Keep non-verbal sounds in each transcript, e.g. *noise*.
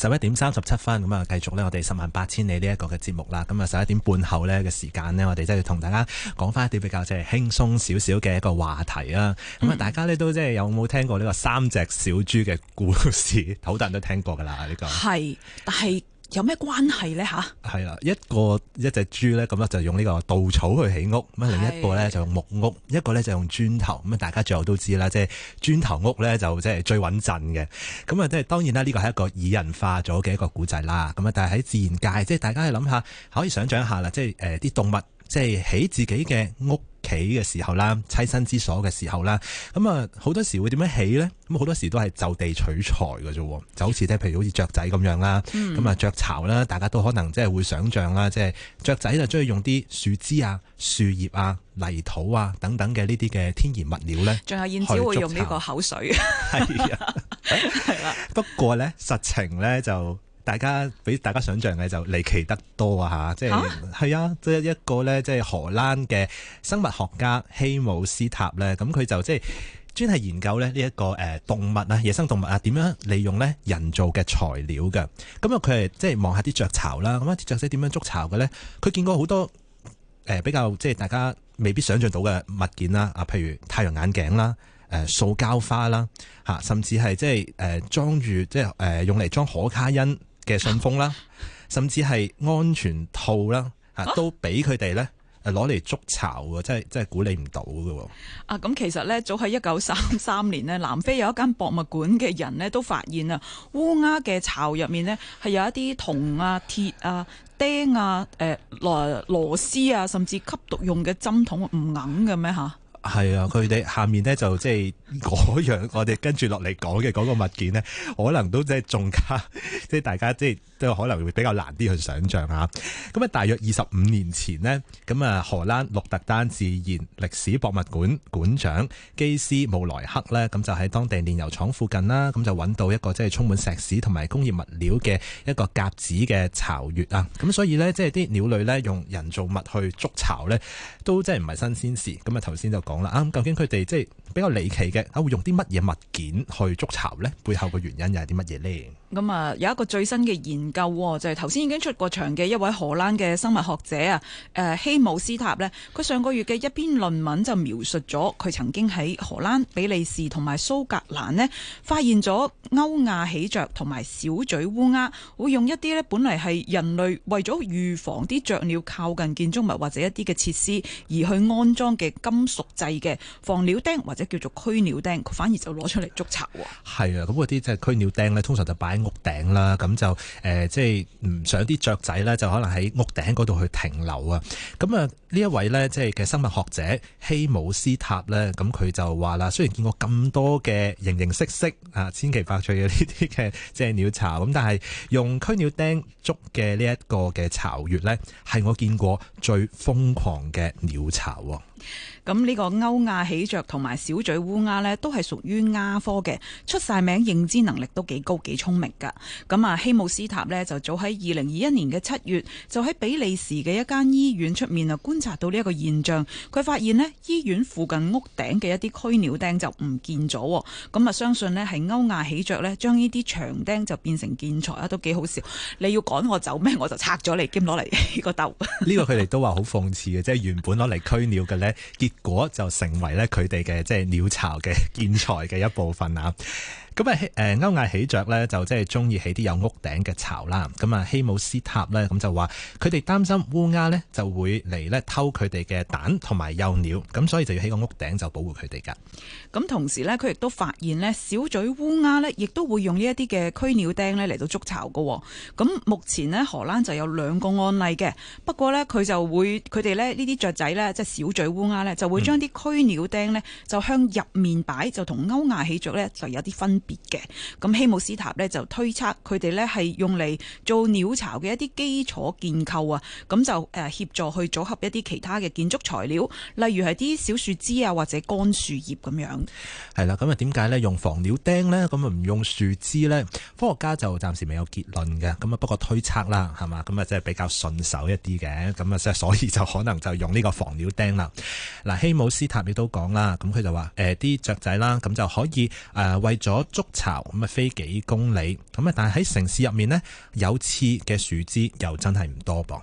十一點三十七分，咁啊，繼續咧，我哋十萬八千里呢一個嘅節目啦。咁啊，十一,一點半後呢嘅時間呢，我哋真係同大家講翻一啲比較即係輕鬆少少嘅一個話題啦。咁、嗯、啊，大家呢都即係有冇聽過呢個三隻小豬嘅故事？好多人都聽過噶啦，呢、呢個係，但係。有咩關係咧？吓、啊，係啦，一個一隻豬咧，咁就用呢個稻草去起屋；咁啊，另一個咧就用木屋，一個咧就用磚頭。咁啊，大家最後都知啦，即係磚頭屋咧就即係最穩陣嘅。咁啊，即係當然啦，呢個係一個擬人化咗嘅一個古仔啦。咁啊，但係喺自然界，即係大家去諗下，可以想象一下啦，即係誒啲動物。即係起自己嘅屋企嘅時候啦，棲身之所嘅時候啦，咁啊好多時會點樣起咧？咁好多時都係就地取材嘅啫，就好似即係譬如好似雀仔咁樣啦，咁啊、嗯、雀巢啦，大家都可能即係會想象啦，即係雀仔就中意用啲樹枝啊、樹葉啊、泥土啊等等嘅呢啲嘅天然物料咧。仲有燕子會用呢個口水。係啊，係啦。不過咧，實情咧就～大家比大家想象嘅就離奇得多啊！嚇，即係係啊，即係一個咧，即係荷蘭嘅生物學家希姆斯塔咧，咁佢就即係專係研究咧呢一個誒動物啊，野生動物啊點樣利用咧人造嘅材料嘅。咁、嗯、啊，佢係即係望下啲雀巢啦，咁啲雀仔點樣築巢嘅咧？佢見過好多誒、呃、比較即係大家未必想象到嘅物件啦，啊，譬如太陽眼鏡啦，誒、啊、塑膠花啦，嚇、啊，甚至係即係誒裝住即係誒用嚟裝可卡因嘅信封啦，甚至係安全套啦，吓都俾佢哋咧，攞嚟築巢嘅，即係即係估你唔到嘅。啊，咁、啊、其實咧，早喺一九三三年咧，南非有一間博物館嘅人咧，都發現啊烏鴉嘅巢入面咧，係有一啲銅啊、鐵啊、釘啊、誒、呃、螺螺絲啊，甚至吸毒用嘅針筒唔硬嘅咩吓？係啊，佢哋下面呢就即係嗰樣，我哋跟住落嚟講嘅嗰個物件呢，可能都即係仲加即係大家即係都可能會比較難啲去想象吓。咁啊，大約二十五年前呢，咁啊，荷蘭鹿特丹自然歷史博物館館長基斯慕萊克呢，咁就喺當地煉油廠附近啦，咁就揾到一個即係充滿石屎同埋工業物料嘅一個鴿子嘅巢穴啊。咁所以呢，即係啲鳥類呢，用人造物去築巢呢，都即係唔係新鮮事。咁啊，頭先就。講啦、嗯、啊！究竟佢哋即係比較離奇嘅，會用啲乜嘢物件去築巢咧？背後嘅原因又係啲乜嘢咧？咁、嗯、啊，有一個最新嘅研究就係頭先已經出過場嘅一位荷蘭嘅生物學者啊，誒希姆斯塔咧，佢上個月嘅一篇論文就描述咗佢曾經喺荷蘭、比利時同埋蘇格蘭咧發現咗歐亞喜鵲同埋小嘴烏鴉會用一啲咧本嚟係人類為咗預防啲雀鳥靠近建築物或者一啲嘅設施而去安裝嘅金屬製嘅防鳥釘或者叫做驅鳥釘，佢反而就攞出嚟築巢。係啊，咁嗰啲即係驅鳥釘咧，通常就擺。屋頂啦，咁就誒、呃、即係唔想啲雀仔咧，就可能喺屋頂嗰度去停留啊，咁啊～呢一位呢，即係嘅生物學者希姆斯塔呢，咁佢就話啦，雖然見過咁多嘅形形色色啊，千奇百趣嘅呢啲嘅即係鳥巢，咁但係用驅鳥釘捉嘅呢一個嘅巢穴呢，係我見過最瘋狂嘅鳥巢。咁呢個歐亞喜鵲同埋小嘴烏鴉呢，都係屬於鴉科嘅，出晒名認知能力都幾高幾聰明噶。咁啊，希姆斯塔呢，就早喺二零二一年嘅七月，就喺比利時嘅一間醫院出面啊觀。觀察到呢一個現象，佢發現咧醫院附近屋頂嘅一啲驅鳥釘就唔見咗，咁啊相信呢係歐亞喜鵲呢，將呢啲長釘就變成建材啊，都幾好笑。你要趕我走咩？我就拆咗你兼攞嚟起個竇。呢、這個佢哋都話好諷刺嘅， *laughs* 即係原本攞嚟驅鳥嘅呢，結果就成為咧佢哋嘅即係鳥巢嘅建材嘅一部分啊。咁啊，誒歐亞起雀喜鵲咧就即係中意起啲有屋頂嘅巢啦。咁啊希姆斯塔咧咁就話佢哋擔心烏鴉咧就會嚟咧偷佢哋嘅蛋同埋幼鳥，咁所以就要起個屋頂就保護佢哋噶。咁同時咧，佢亦都發現咧，小嘴烏鴉咧亦都會用呢一啲嘅驅鳥釘咧嚟到築巢噶。咁目前咧荷蘭就有兩個案例嘅，不過咧佢就會佢哋咧呢啲雀仔咧即係小嘴烏鴉咧就會將啲驅鳥釘咧就向入面擺、嗯，就同歐亞喜鵲咧就有啲分別。嘅，咁希姆斯塔咧就推測佢哋咧係用嚟做鳥巢嘅一啲基礎建構啊，咁就誒協助去組合一啲其他嘅建築材料，例如係啲小樹枝啊或者乾樹葉咁樣，係啦，咁啊點解咧用防鳥釘咧？咁啊唔用樹枝咧？科學家就暫時未有結論嘅，咁啊不過推測啦，係嘛？咁啊即係比較順手一啲嘅，咁啊即係所以就可能就用呢個防鳥釘啦。嗱，希姆斯塔你都講啦，咁佢就話誒啲雀仔啦，咁就可以誒、呃、為咗。築巢咁啊，飛幾公里咁啊，但係喺城市入面咧，有刺嘅樹枝又真係唔多噃。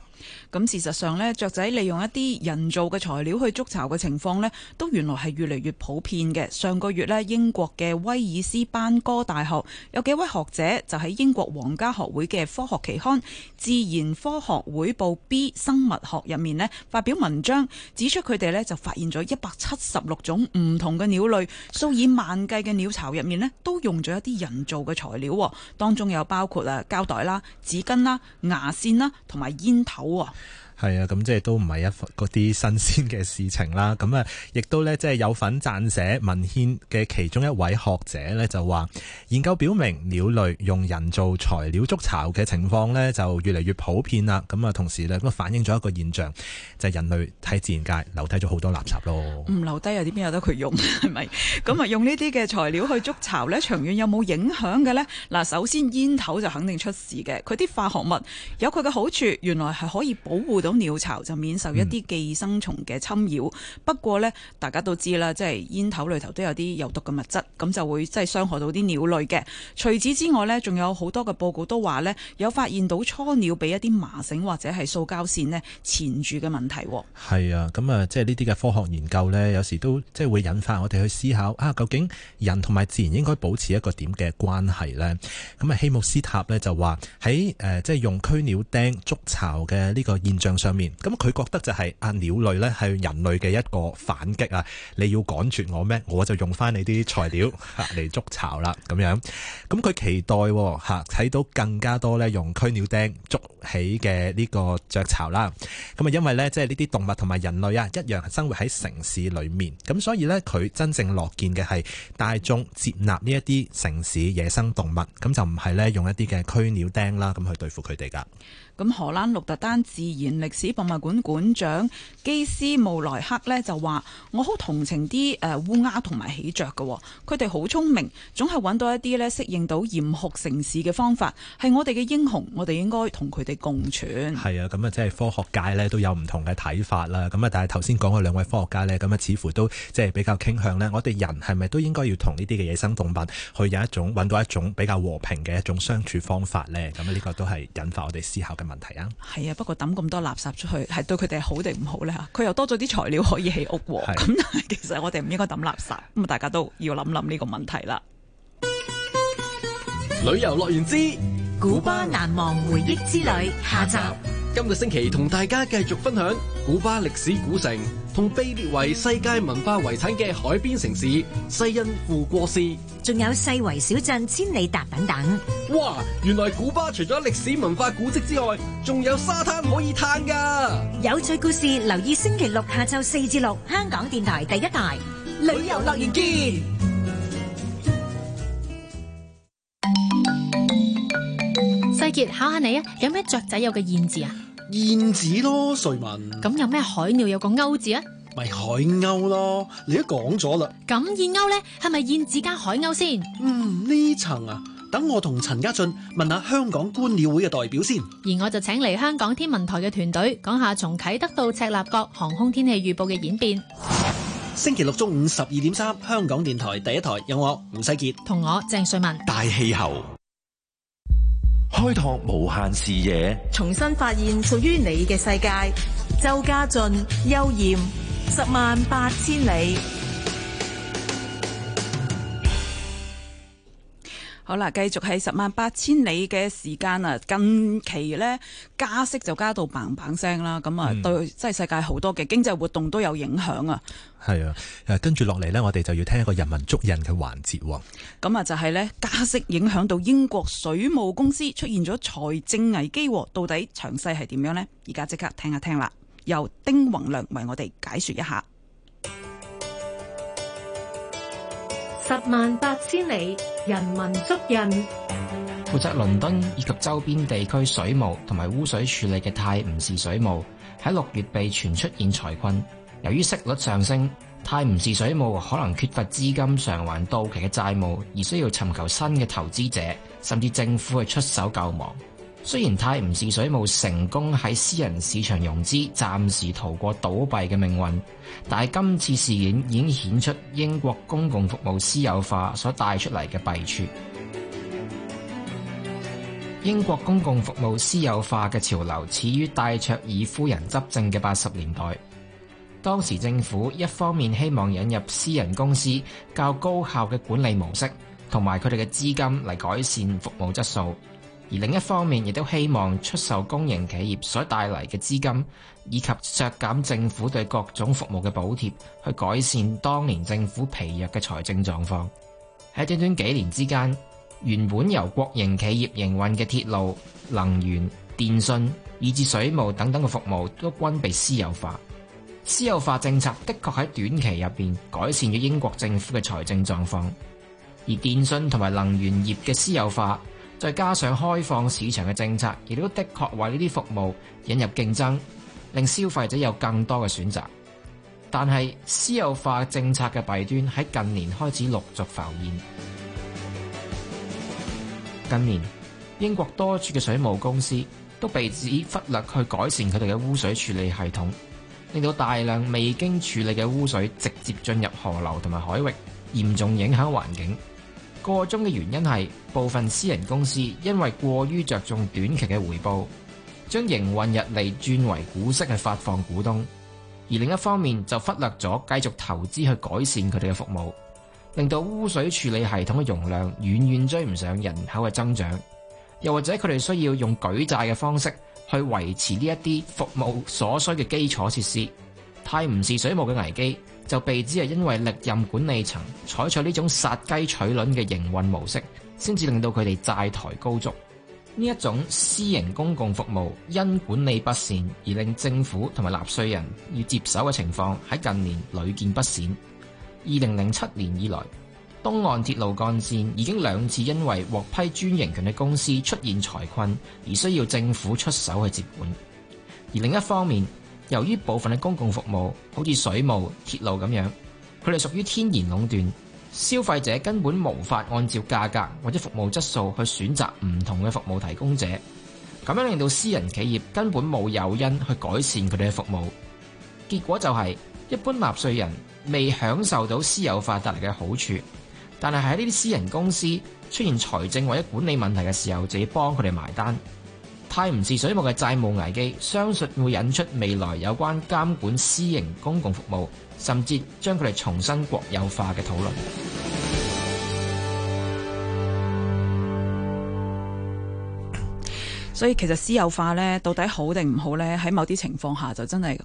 咁事實上呢，雀仔利用一啲人造嘅材料去築巢嘅情況呢，都原來係越嚟越普遍嘅。上個月呢，英國嘅威爾斯班哥大學有幾位學者就喺英國皇家學會嘅科學期刊《自然科學會報 B 生物學》入面呢發表文章，指出佢哋呢就發現咗一百七十六種唔同嘅鳥類，數以萬計嘅鳥巢入面呢，都用咗一啲人造嘅材料，當中有包括啊膠袋啦、紙巾啦、牙線啦，同埋煙頭。哇。係啊，咁即係都唔係一嗰啲新鮮嘅事情啦。咁啊，亦都咧即係有份撰寫文獻嘅其中一位學者咧，就話，研究表明鳥類用人造材料築巢嘅情況咧，就越嚟越普遍啦。咁啊，同時咧，咁反映咗一個現象，就係人類喺自然界留低咗好多垃圾咯。唔留低又點？邊有得佢用？係咪？咁啊，用呢啲嘅材料去築巢咧，長遠有冇影響嘅咧？嗱，首先煙頭就肯定出事嘅。佢啲化學物有佢嘅好處，原來係可以保護到。到鳥巢就免受一啲寄生蟲嘅侵擾。嗯、不過呢，大家都知啦，即、就、係、是、煙頭裏頭都有啲有毒嘅物質，咁就會即係傷害到啲鳥類嘅。除此之外呢，仲有好多嘅報告都話呢，有發現到初鳥俾一啲麻繩或者係塑膠線呢纏住嘅問題。係啊，咁啊，即係呢啲嘅科學研究呢，有時都即係會引發我哋去思考啊，究竟人同埋自然應該保持一個點嘅關係呢？咁啊，希姆斯塔呢就話喺即係用驅鳥釘築巢嘅呢個現象。上面咁佢覺得就係、是、啊鳥類呢係人類嘅一個反擊啊！你要趕絕我咩？我就用返你啲材料嚟 *laughs* 築巢啦咁樣。咁佢期待喎、啊，睇到更加多呢用驅鳥釘築起嘅呢個雀巢啦。咁啊，因為呢即係呢啲動物同埋人類啊一樣生活喺城市裏面，咁所以呢，佢真正樂見嘅係大眾接納呢一啲城市野生動物，咁就唔係呢用一啲嘅驅鳥釘啦咁去對付佢哋噶。咁荷蘭鹿特丹自然歷史博物館館長基斯慕萊克呢就話：我好同情啲誒烏鴉同埋喜鵲嘅，佢哋好聰明，總係揾到一啲呢適應到嚴酷城市嘅方法，係我哋嘅英雄，我哋應該同佢哋共存。係啊，咁啊，即係科學界呢都有唔同嘅睇法啦。咁啊，但係頭先講嘅兩位科學家呢，咁啊，似乎都即係比較傾向呢。我哋人係咪都應該要同呢啲嘅野生動物去有一種揾到一種比較和平嘅一種相處方法呢？咁、這、呢個都係引發我哋思考嘅問題啊。係啊，不過抌咁多喇。出去係對佢哋好定唔好咧？吓，佢又多咗啲材料可以起屋，咁但係其實我哋唔應該抌垃圾，咁啊大家都要諗諗呢個問題啦。旅遊樂園之古巴難忘回憶之旅下集。今個星期同大家繼續分享古巴歷史古城同被列為世界文化遺產嘅海邊城市西恩富果斯，仲有細圍小鎮千里達等等。哇！原來古巴除咗歷史文化古蹟之外，仲有沙灘可以嘆噶。有趣故事，留意星期六下晝四至六，香港電台第一台旅遊樂園見。考下你啊，有咩雀仔有個燕字啊？燕子咯，瑞文。咁有咩海鳥有個鷗字啊？咪、就是、海鷗咯，你都講咗啦。咁燕鷗咧係咪燕字加海鷗先？嗯，呢層啊，等我同陳家俊問下香港觀鳥會嘅代表先。而我就請嚟香港天文台嘅團隊講下從啟德到赤鱲角航空天氣預報嘅演變。星期六中午十二點三，香港電台第一台有我吳世杰同我鄭瑞文大氣候。開拓無限視野，重新發現屬於你嘅世界。周家俊、邱艷，十萬八千里。好啦，繼續喺十萬八千里嘅時間啊，近期呢，加息就加到嘭嘭聲啦，咁啊對，即係世界好多嘅經濟活動都有影響啊。係啊，跟住落嚟，呢，我哋就要聽一個人文足印嘅環節喎。咁啊就係呢，加息影響到英國水務公司出現咗財政危機，到底詳細係點樣呢？而家即刻聽一聽啦，由丁宏量為我哋解說一下。十萬八千里，人文足印。負責倫敦以及周邊地區水務同埋污水處理嘅泰晤士水務喺六月被傳出現財困，由於息率上升，泰晤士水務可能缺乏資金償還到期嘅債務，而需要尋求新嘅投資者，甚至政府去出手救亡。雖然泰晤士水務成功喺私人市場融資，暫時逃過倒閉嘅命運，但今次事件已經顯出英國公共服務私有化所帶出嚟嘅弊處。英國公共服務私有化嘅潮流始於戴卓爾夫人執政嘅八十年代，當時政府一方面希望引入私人公司較高效嘅管理模式，同埋佢哋嘅資金嚟改善服務質素。而另一方面，亦都希望出售公營企業所帶嚟嘅資金，以及削減政府對各種服務嘅補貼去改善當年政府疲弱嘅財政狀況。喺短短幾年之間，原本由國營企業營運嘅鐵路、能源、電訊以至水務等等嘅服務都均被私有化。私有化政策的確喺短期入邊改善咗英國政府嘅財政狀況，而電訊同埋能源業嘅私有化。再加上開放市場嘅政策，亦都的確為呢啲服務引入競爭，令消費者有更多嘅選擇。但係私有化政策嘅弊端喺近年開始陸續浮現。近年英國多處嘅水務公司都被指忽略去改善佢哋嘅污水處理系統，令到大量未經處理嘅污水直接進入河流同埋海域，嚴重影響環境。個中嘅原因係部分私人公司因為過於着重短期嘅回報，將營運盈利轉為股息去發放股東；而另一方面就忽略咗繼續投資去改善佢哋嘅服務，令到污水處理系統嘅容量遠遠追唔上人口嘅增長，又或者佢哋需要用舉債嘅方式去維持呢一啲服務所需嘅基礎設施，泰晤士水務嘅危機，就被指係因為歷任管理層採取呢種殺雞取卵嘅營運模式，先至令到佢哋債台高築。呢一種私營公共服務因管理不善而令政府同埋納稅人要接手嘅情況，喺近年屢見不鮮。二零零七年以來，東岸鐵路幹線已經兩次因為獲批專營權嘅公司出現財困，而需要政府出手去接管。而另一方面，由於部分嘅公共服務好似水務、鐵路咁樣，佢哋屬於天然壟斷，消費者根本無法按照價格或者服務質素去選擇唔同嘅服務提供者，咁樣令到私人企業根本冇誘因去改善佢哋嘅服務，結果就係一般納稅人未享受到私有化帶嚟嘅好處，但係喺呢啲私人公司出現財政或者管理問題嘅時候，就要幫佢哋埋單。泰晤士水務嘅債務危機，相信會引出未來有關監管私營公共服務，甚至將佢哋重新國有化嘅討論。所以其實私有化呢，到底好定唔好呢？喺某啲情況下就真係。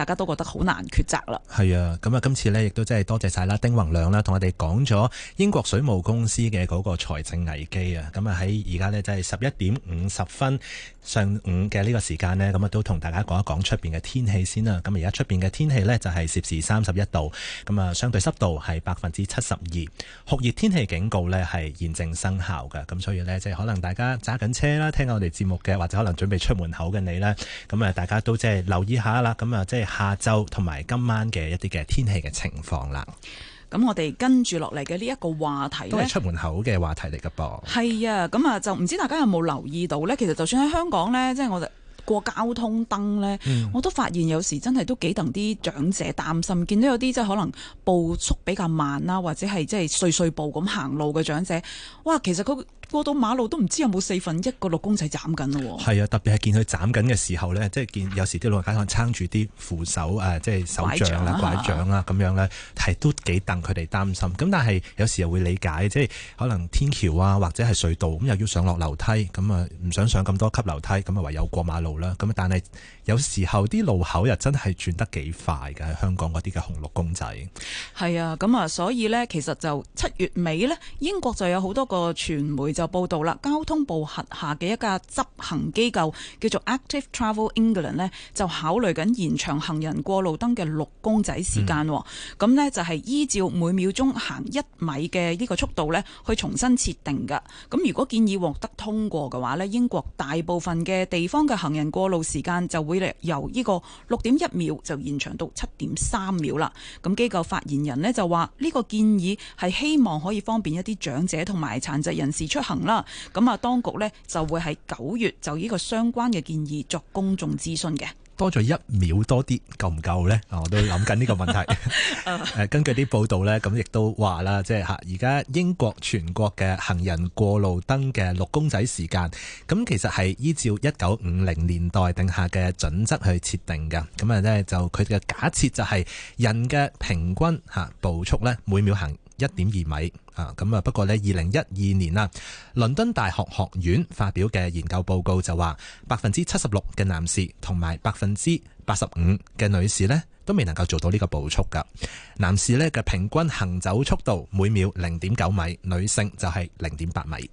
大家都覺得好難抉擇啦。係啊，咁啊，今次呢亦都真係多謝晒啦，丁宏量啦，同我哋講咗英國水務公司嘅嗰個財政危機啊。咁啊，喺而家呢，就係十一點五十分上午嘅呢個時間呢，咁啊都同大家講一講出面嘅天氣先啦。咁而家出面嘅天氣呢，就係攝氏三十一度，咁啊相對濕度係百分之七十二，酷熱天氣警告呢，係現正生效嘅。咁所以呢，即係可能大家揸緊車啦，聽緊我哋節目嘅，或者可能準備出門口嘅你呢。咁啊大家都即係留意一下啦。咁啊即係。下晝同埋今晚嘅一啲嘅天氣嘅情況啦。咁我哋跟住落嚟嘅呢一個話題咧,都係出門口嘅話題嚟噶噃。係啊,咁啊,就唔知大家有冇留意到呢?其實就算喺香港呢,即係我哋過交通燈呢,嗯,我都發現有時真係都幾等啲長者擔心,見到有啲即係可能步速比較慢啦,或者係即係碎碎步咁行路嘅長者,哇,其實佢。過到馬路都唔知有冇四分一個綠公仔斬緊咯，係啊，特別係見佢斬緊嘅時候咧、 *laughs* 啊，即係見、啊、 *laughs* 有時啲老人家可能撐住啲扶手誒，即係手杖啦、拐杖啦咁樣咧，係都幾戥佢哋擔心。咁但係有時又會理解，即係可能天橋啊或者係隧道咁又要上落樓梯，咁啊唔想上咁多級樓梯，咁啊唯有過馬路啦。咁但係有時候啲路口又真係轉得幾快嘅，香港嗰啲嘅紅綠公仔係啊，咁啊，所以咧其實就七月尾咧，英國就有好多個傳媒。就報道啦，交通部核下嘅一架執行機構叫做 Active Travel England 就考慮緊延長行人過路燈嘅六公仔時間。咁、嗯、呢、嗯，就係、是、依照每秒鐘行一米嘅呢個速度去重新設定嘅。咁如果建議獲得通過嘅話，英國大部分嘅地方嘅行人過路時間就會由呢個六點一秒就延長到七點三秒啦。咁機構發言人呢就話呢、這個建議係希望可以方便一啲長者同埋殘疾人士出行。行啦，咁啊，當局咧就會喺九月就呢個相關嘅建議作公眾諮詢嘅。多咗一秒多啲，夠唔夠呢？我都諗緊呢個問題。 *laughs* 根據啲報道咧，咁亦都話啦，即係吓，而家英國全國嘅行人過路燈嘅綠公仔時間，咁其實係依照一九五零年代定下嘅準則去設定㗎。咁啊咧，就佢嘅假設就係人嘅平均吓步速咧，每秒行一點二米。啊，咁啊，不過呢，二零一二年啦，倫敦大學學院發表嘅研究報告就話，百分之七十六嘅男士同埋百分之八十五嘅女士呢都未能夠做到呢個步速噶。男士呢嘅平均行走速度每秒零點九米，女性就係零點八米。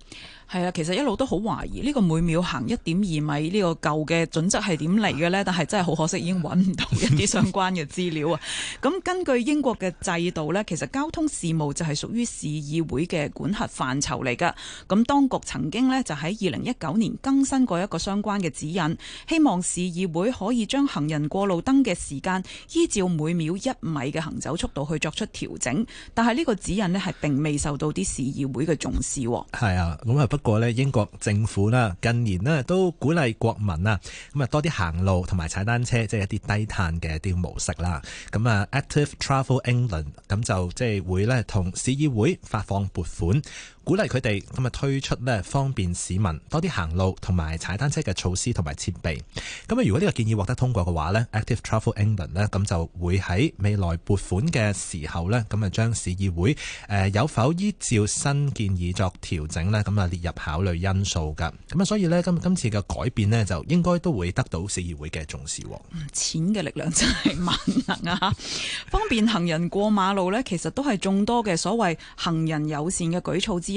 係啊，其實一路都好懷疑呢、這個每秒行一點二米呢、這個舊嘅準則係點嚟嘅呢？但係真係好可惜已經揾唔到一啲相關嘅資料啊。咁 *laughs* 根據英國嘅制度呢，其實交通事務就係屬於市。議會嘅管轄範疇嚟㗎，咁當局曾經呢，就喺二零一九年更新過一個相關嘅指引，希望市議會可以將行人過路燈嘅時間依照每秒一米嘅行走速度去作出調整，但係呢個指引呢，係並未受到啲市議會嘅重視。係啊，咁啊，不過呢，英國政府啦近年咧都鼓勵國民啊，咁啊多啲行路同埋踩單車，即係一啲低碳嘅啲模式啦。咁啊 Active Travel England 咁就即係會呢同市議會。發放撥款。鼓勵佢哋咁啊，推出咧方便市民多啲行路同埋踩單車嘅措施同埋設備。咁啊如果呢個建議獲得通過嘅話咧，Active Travel England 咧咁就會喺未來撥款嘅時候呢咁啊，將市議會誒有否依照新建議作調整呢咁啊，列入考慮因素噶。咁啊所以呢，今今次嘅改變呢，就應該都會得到市議會嘅重視。嗯、錢嘅力量真係萬能啊！ *laughs* 方便行人過馬路呢，其實都係眾多嘅所謂行人友善嘅舉措之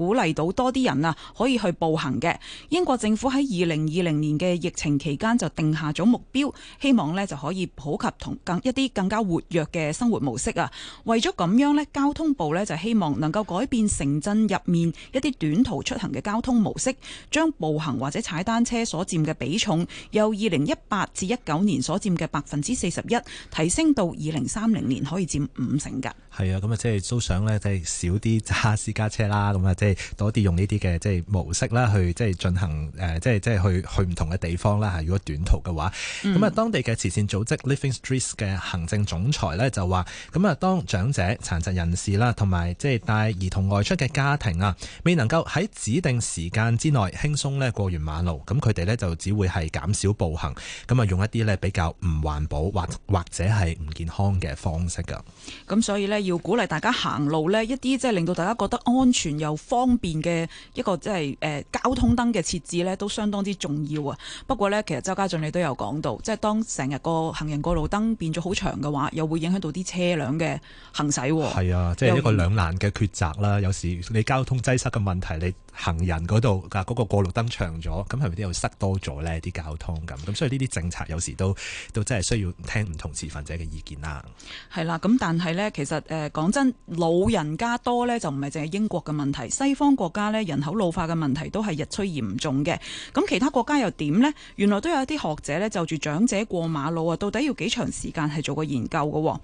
鼓勵到多啲人啊，可以去步行嘅。英國政府喺二零二零年嘅疫情期間就定下咗目標，希望呢就可以普及同更一啲更加活躍嘅生活模式啊。為咗咁樣呢，交通部呢就希望能夠改變城鎮入面一啲短途出行嘅交通模式，將步行或者踩單車所佔嘅比重，由二零一八至一九年所佔嘅百分之四十一提升到二零三零年可以佔五成㗎。係啊，咁啊即係都想呢，即係少啲揸私家車啦，咁啊即多啲用呢啲嘅即係模式啦，去即係進行誒，即係即係去去唔同嘅地方啦。如果短途嘅話，咁、嗯、啊，當地嘅慈善組織 Living Streets 嘅行政總裁咧就話，咁啊，當長者、殘疾人士啦，同埋即係帶兒童外出嘅家庭啊，未能夠喺指定時間之內輕鬆咧過完馬路，咁佢哋咧就只會係減少步行，咁啊用一啲咧比較唔環保或或者係唔健康嘅方式㗎。咁所以咧要鼓勵大家行路咧，一啲即係令到大家覺得安全又方便。方便嘅一個即係誒交通燈嘅設置呢，都相當之重要啊。不過呢，其實周家俊你都有講到，即係當成日個行人過路燈變咗好長嘅話，又會影響到啲車輛嘅行駛。係啊，即係一個兩難嘅抉擇啦。有時你交通擠塞嘅問題，你行人嗰度啊，嗰、嗰個過路燈長咗，咁係咪又路塞多咗呢啲交通咁咁，所以呢啲政策有時都都真係需要聽唔同持份者嘅意見啦。係啦，咁但係呢，其實誒講、呃、真，老人家多呢就唔係淨係英國嘅問題，西方國家呢，人口老化嘅問題都係日趨嚴重嘅。咁其他國家又點呢？原來都有一啲學者呢，就住長者過馬路啊，到底要幾長時間係做個研究嘅、哦。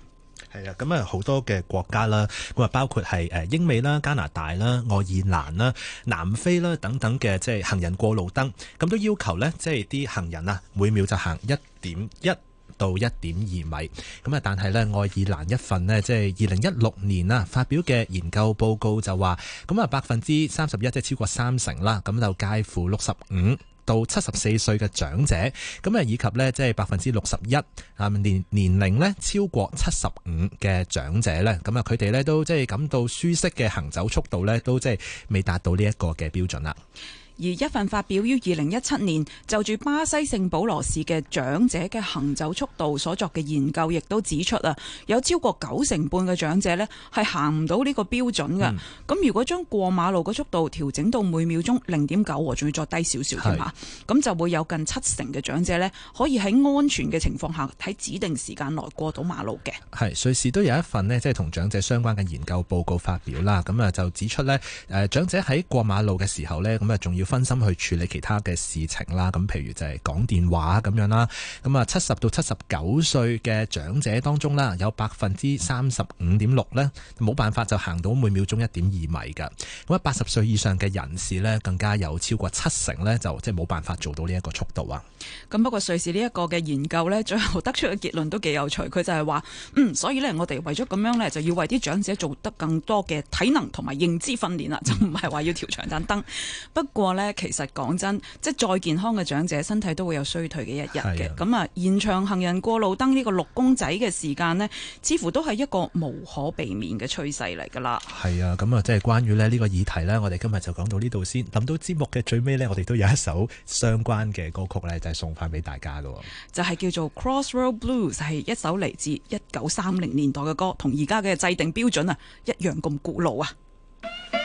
係啊，咁啊，好多嘅國家啦，咁啊，包括係誒英美啦、加拿大啦、愛爾蘭啦、南非啦等等嘅，即係行人過路燈咁都要求呢，即係啲行人啊，每秒就行一點一到一點二米咁啊。但係呢，愛爾蘭一份呢，即係二零一六年啊發表嘅研究報告就話咁啊，百分之三十一，即係超過三成啦，咁就介乎六十五。到七十四歲嘅長者，咁啊以及咧即係百分之六十一啊年，年齡咧超過七十五嘅長者咧，咁啊佢哋咧都即係感到舒適嘅行走速度咧，都即係未達到呢一個嘅標準啦。而一份發表於二零一七年就住巴西聖保羅市嘅長者嘅行走速度所作嘅研究，亦都指出啊，有超過九成半嘅長者咧係行唔到呢個標準噶，咁、嗯、如果將過馬路嘅速度調整到每秒鐘零點九，仲要再低少少嘅，咁就會有近七成嘅長者咧可以喺安全嘅情況下喺指定時間內過到馬路嘅。係瑞士都有一份咧，即係同長者相關嘅研究報告發表啦。咁啊就指出咧，誒長者喺過馬路嘅時候咧，咁啊仲要。分心去處理其他嘅事情啦，咁譬如就係講電話咁樣啦。咁啊，七十到七十九歲嘅長者當中啦，有百分之三十五點六咧，冇辦法就行到每秒鐘一點二米㗎。咁啊，八十歲以上嘅人士咧，更加有超過七成咧，就即係冇辦法做到呢一個速度啊。咁不過瑞士呢一個嘅研究咧，最後得出嘅結論都幾有趣，佢就係話，嗯，所以咧，我哋為咗咁樣咧，就要為啲長者做得更多嘅體能同埋認知訓練啦，就唔係話要調長盞燈。 *laughs* 不過，咧，其實講真，即係再健康嘅長者，身體都會有衰退嘅一日嘅。咁啊，延長、啊、行人過路燈呢個綠公仔嘅時間呢，似乎都係一個無可避免嘅趨勢嚟噶啦。係啊，咁啊，即係關於咧呢個議題呢，我哋今日就講到呢度先。諗到節目嘅最尾呢，我哋都有一首相關嘅歌曲呢，就係送翻俾大家噶。就係叫做《Crossroad Blues》，係一首嚟自一九三零年代嘅歌，同而家嘅制定標準啊，一樣咁古老啊。